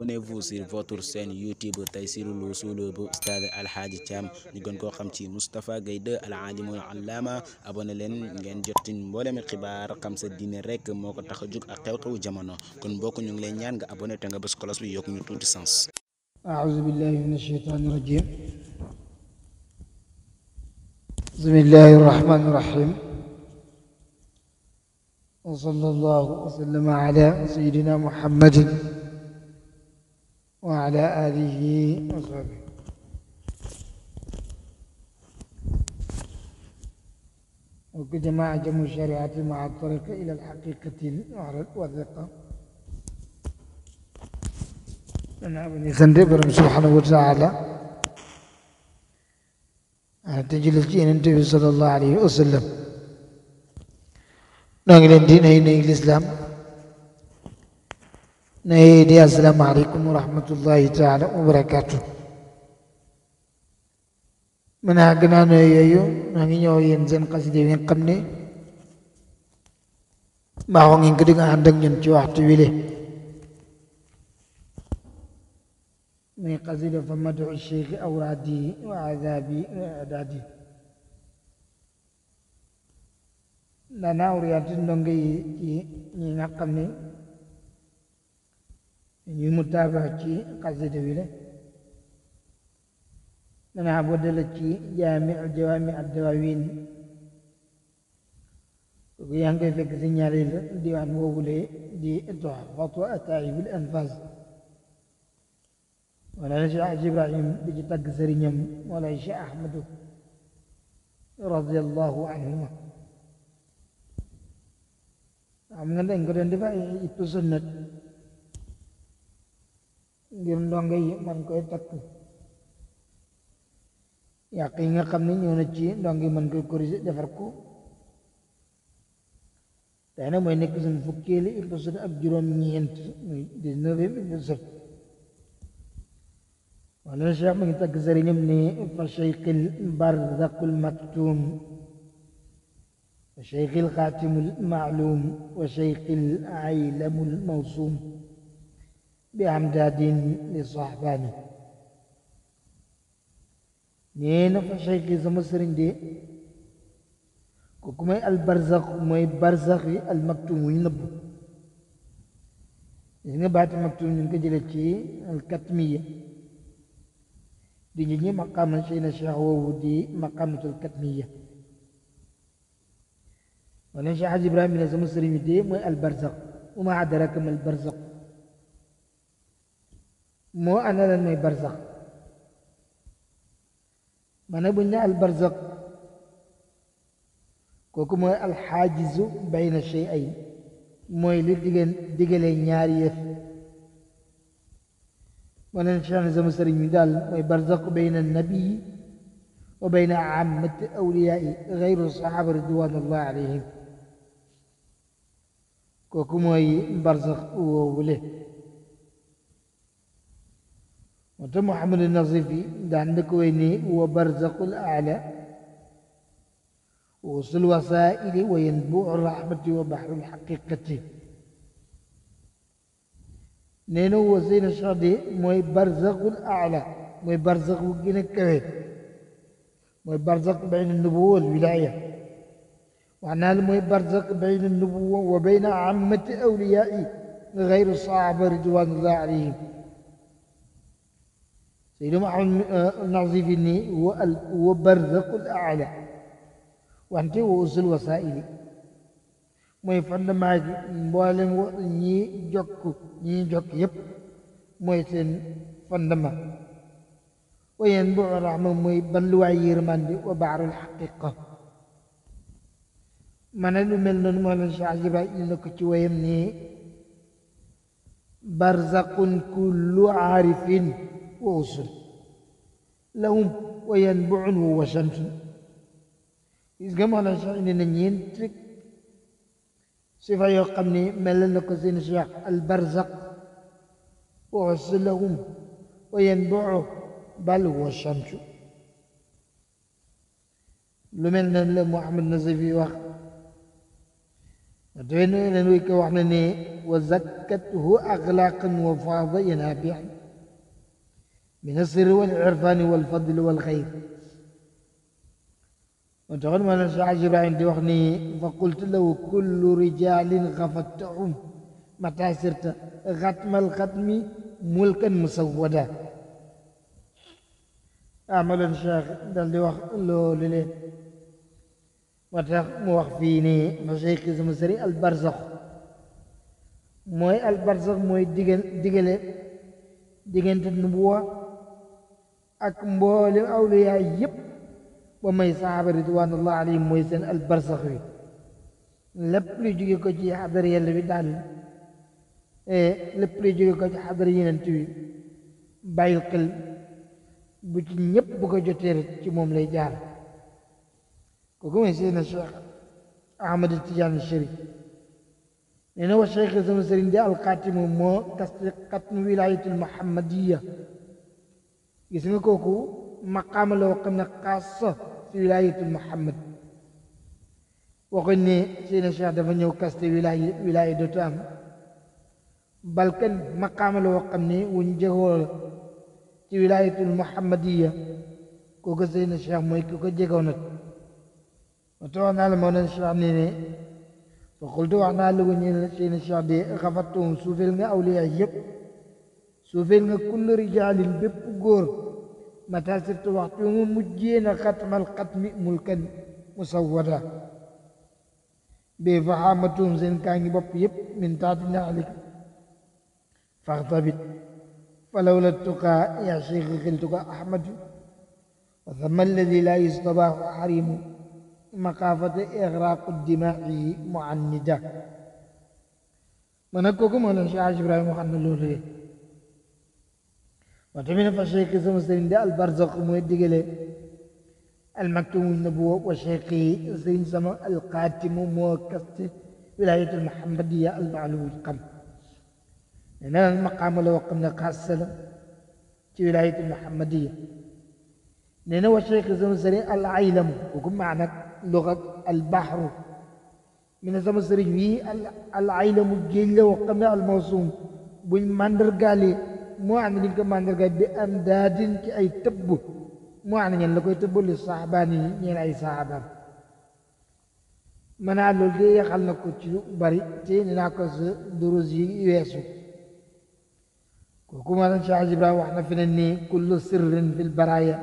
Abonnez-vous sur votre chaîne YouTube Taysiroul Wousoul bu Al Hadji Thiam ñu gën koo xam ci Moustapha Gueye 2 al alimul allama abonné leen ngeen jotin mboolemi xibaar xam sa diine rek moo ko tax a jóg ak xew-xewu jamono kon mbokk ñu ngi lay ñaan nga abonné te nga bës cloche bi yokk ñu tuuti sens أعوذ بالله من الشيطان الرجيم بسم الله الرحمن الرحيم وصلى الله وسلم على سيدنا محمد وعلى آله وصحبه ما أعجم الشريعة مع الطريق إلى الحقيقة والثقة أبني برم سبحانه وتعالى تجلس جين النبي صلى الله عليه وسلم نقل نعم، الدين هنا الإسلام na yee dee assalaamu aleykum wa rahmatullahi taala wa barakaatu mën naa gënaa nooy yooyu maa ngi ñëw yéen seen xasida yi nga xam ne baaxoo ngeen ko di nga ànd ak ñun ci waxtu wile muy xasida fa madu cheikh awraadi wa adabi wa adaadi daanaa orienté yi ñi nga xam ne ñuy mu taabaa ci xasida wi la dana boo dala ci jaamiu jawaami addawawin kooku yaa ngi koy fekk si ñaareel diwaan woowule di doxa fatwa ataayibul anfas wala la cheikh ibrahim di ci tagg sëriñam wala cheikh ahmadu radiallahu anhuma xam nga dañ ko doon def ay ittu sunnat ngir ndongo yi man koy takk yàq yi nga xam ne ñëw na ci ndongo yi man koy corriger defar ko tey nag mooy nekk suñ fukkeeli épisode ak juróom ñeent muy dix-neuvième épisode wala cheikh ma ngi takk sëriñam ne fa cheikhil barzaqul maktum wa cheikhil xaatimul maalum wa cheikhil aylamul mawsum بأمداد لصاحبانه نين فشيك زمسرين دي كوكما البرزق مي برزق المكتوم ينب إذن بعد مكتوم ينكجلتي الكتمية دي جيني مقام الشيء نشيح ودي مقامة الكتمية ونشيح حاج إبراهيم لزمسرين دي مي البرزق وما أدراك ما البرزق moo ana lan mooy barzax ma ne bu ñu ne al barzax kooku mooy alxaajizu bayna shay'ayn mooy li diggan diggalee ñaari yëf ma ne cheikh sama sëriñ mi daal mooy barzax bayna nabii wa bayna aamati awliyaai gayru saxaaba ridwanullahi alayhim kooku mooy barzax woowule وانت محمد النظيفي دان عندك ويني هو برزق الأعلى وصل الوسائل وينبوع الرحمة وبحر الحقيقة نينو وزين الشادي موي برزق الأعلى موي برزق وجينا كوي موي برزق بين النبوة والولاية وعنا الموي برزق بين النبوة وبين عامة أوليائي غير صعب رضوان الله عليهم سيدنا معهم آه، نعزي فيني هو هو برزق الاعلى وانت هو اصل وسائلي موي فند ما مبولم ني جوك ني جوك ييب موي سين فند ما وينبع الرحمه موي بلوا يرمان دي وبعر الحقيقه من لو مل نون مولا شاجي باي نكو تي ويم ني برزق كل عارفين ووصل لهم وينبع ووسمت إذ كما لا indi na ñeent rek يقمني yoo xam ne البرزق na ko seen cheikh al barzaq وعز لهم وينبع بل والشمس لمن لا محمد نزفي وقت دوين لنويك وحنا وزكته أغلاقا وفاضيا بيعا من السر والعرفان والفضل والخير وتقول من عجب عندي وخني فقلت له كل رجال غفتهم متى سرت غتم الختم ملكا مسودا أعمل شيخ دل وخ لو للي موخفيني مشيخ زمسري البرزخ موي البرزخ موي ديجل ديجل ديجل النبوة ak mboolem awliyaay yëpp ba may saxaaba ridwaanullah alayhim mooy seen albarsax wi lépp luy jóge ko ci xadar yàlla bi daal lépp luy jóge ko ci xadar yenent wi bàyyil xel bu ci ñëpp bu ko jotee rek ci moom lay jaar kooku mooy seen cheikh ahmad tijaani sharif nee na wa cheikh sama sëriñ di alxaatimu moo tasdiqat wilayatul muhammadiya gis nga kooku maqaama la woo xam ne xaasa si wilaayatul muhammad waxuñ ne seeni cheikh dafa ñëw kaste wilaay wilaaya dootu am balkan maqaama la woo xam ne wuñ jëxoo ci wilaayatul muhammadiya kooku seeni cheikh mooy ki ko jegoon nag ma tawax naa la moo doon cheikh ne ne fa xultu wax naa la ko ñu seeni cheikh de xafattuhum suufeel nga awliyaa yëpp سوفين كل رجال بيب غور متى سرت وقت مجينا ختم القتم ملكا مسودا بفحامتهم زين كان يبب يب من تاتنا عليك فاغتبت فلولا التقى يا شيخ قلتك احمد وثم الذي لا يستباح حريم مقافة إغراق الدماء معندة من أكوكم أن شيء عجب رأي محمد الله وتمين فشيخ زمزين ده البرزق مويدقلي المكتوم النبوة وشيخي زين سما القاتم موكست ولاية المحمدية المعلوم القم لأن المقام لو قمنا قاسلا في ولاية المحمدية لأن وشيخ سمسين العيلم وكم معنى لغة البحر من سمسين العيلم الجيل وقمنا الموسوم بالمندر قالي moo am liñ ko màndargaay bi am daadin ci ay tëbb moo am ñeen la koy tëbb li saxabaan yi ñeen ay saxabaam mën naa ah, loolu de yaxal na ko bari te ni naa ko sa durus yi weesu kooku ma Cheikh Ibrahima wax na fi ne nii kullu sirrin fil baraya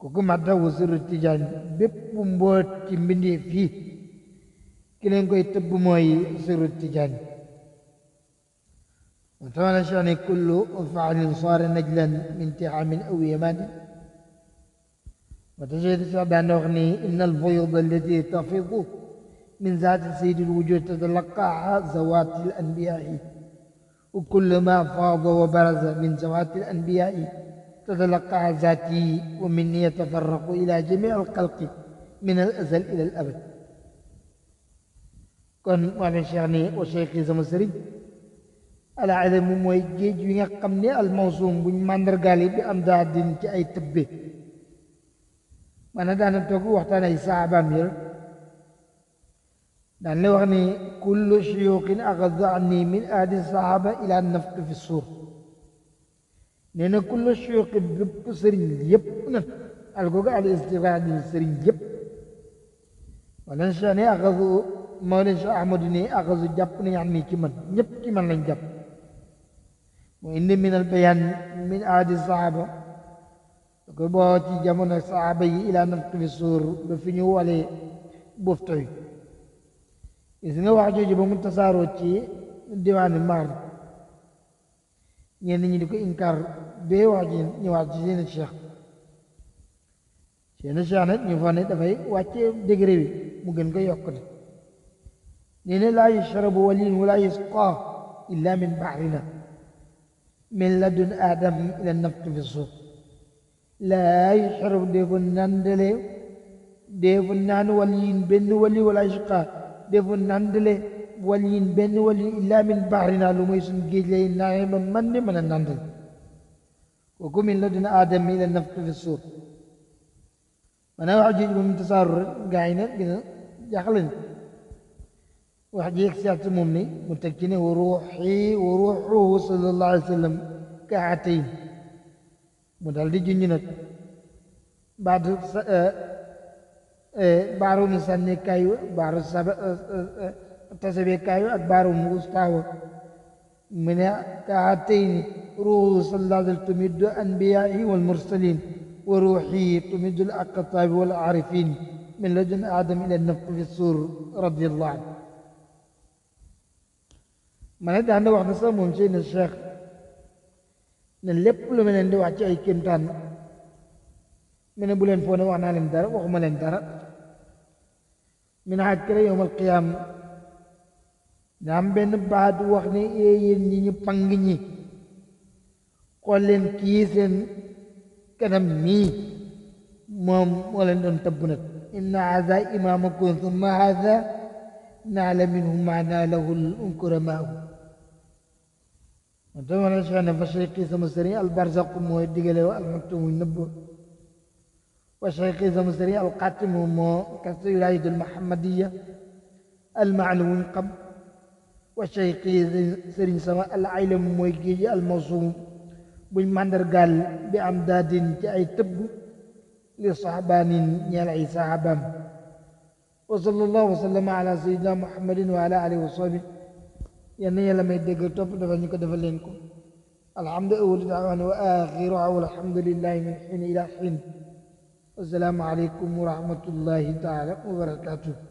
kooku ma dawu sirru tijaan bépp mboot ci mbindeef yi koy tëbb mooy sirru tijaan وتعالى شأن كل فعل صار نجلا من تعام أو يمان وتجد شعب أغني إن البيض التي تفيض من ذات سيد الوجود تتلقاها زوات الأنبياء وكل ما فاض وبرز من زوات الأنبياء تتلقاها ذاتي ومني يتفرق إلى جميع الخلق من الأزل إلى الأبد كن وابن شيخني وشيخي زمسري العادة موي جيج ويغا قمني الموزوم بني ماندر غالي بي أم كي أي تبي وانا دانا توقو وقتان أي صعبة دان لوغني كل شيوخ أغذعني من أهل الصحابة إلى النفق في السور نينا كل شيوخ بيبك سرين يب نفق ألقوك على استفادة سرين يب ولنشاني أغذو مولنش أحمدني أغذو جبني يعني كمان يب كمان لن جبني وإن من البيان من عهد الصحابة ko boo ci jamono saaba yi ilaa natk fi suur ba fi ñu walee bofto yi gis nga wax jooju ba mu tasaaroo ci diwaani maar ñenn ñi di ko inkaar bee wax ji ñëwaat ci seen cheikh seen cheikh nag ñu fa ne dafay wàcce degré bi mu gën ko yokk ne nee ne laa yushrabu walin wala yusqa illa min bahrina من لدن آدم إلى النفق في الصوف لا يحرم ديفن ناندلي ديفن نان وليين بن ولي ولا يشقى ديفن ناندلي وليين بن ولي إلا من بحرنا لميسن جيلي نائما من من الناندل وكم من لدن آدم إلى النفق في الصوف أنا أعجب من تسارر قاعدين يخلن واحد يكسات مني متكني وروحي وروحه صلى الله عليه وسلم كعتين مدال دي جنينك بعد س... آه... آه... بارو نساني كايو بارو سب... آه... آه... آه، كايو أكبارو مغسطاو من كعتين روحه صلى الله عليه وسلم تمد أنبيائه والمرسلين وروحي تمد الأقطاب والعارفين من لجن آدم إلى النفق في السور رضي الله عنه manata anda wakna sa mun sin syekh nan lepp lu menen di wax ci ay kimtan mena bu len fone wax na len dara waxuma len dara min hakra yawm al qiyam ñam ben baat wax ni yeen ñi ñu pang ñi xool leen kii seen kanam mii moom moo leen doon tëbb nag inna haza imamakum thumma haza naala minhu ma naalahu l unkuramaahu ودون شأن فشيقي ثم سريع البرزق مو الدقلة المكتوم النبو وشيقي ثم سريع القاتم مو كثير العيد المحمدية المعلوم قبل وشيقي سرين سواء العلم مويقي الموصوم بالمندر قال بأمداد جاي تبو لصحبان يلعي صحبا وصلى الله وسلم على سيدنا محمد وعلى آله وصحبه يعني يلا ما يدقر توب دفعني كدفع لينكم الحمد أول دعوان وآخر والحمد لله من حين إلى حين والسلام عليكم ورحمة الله تعالى وبركاته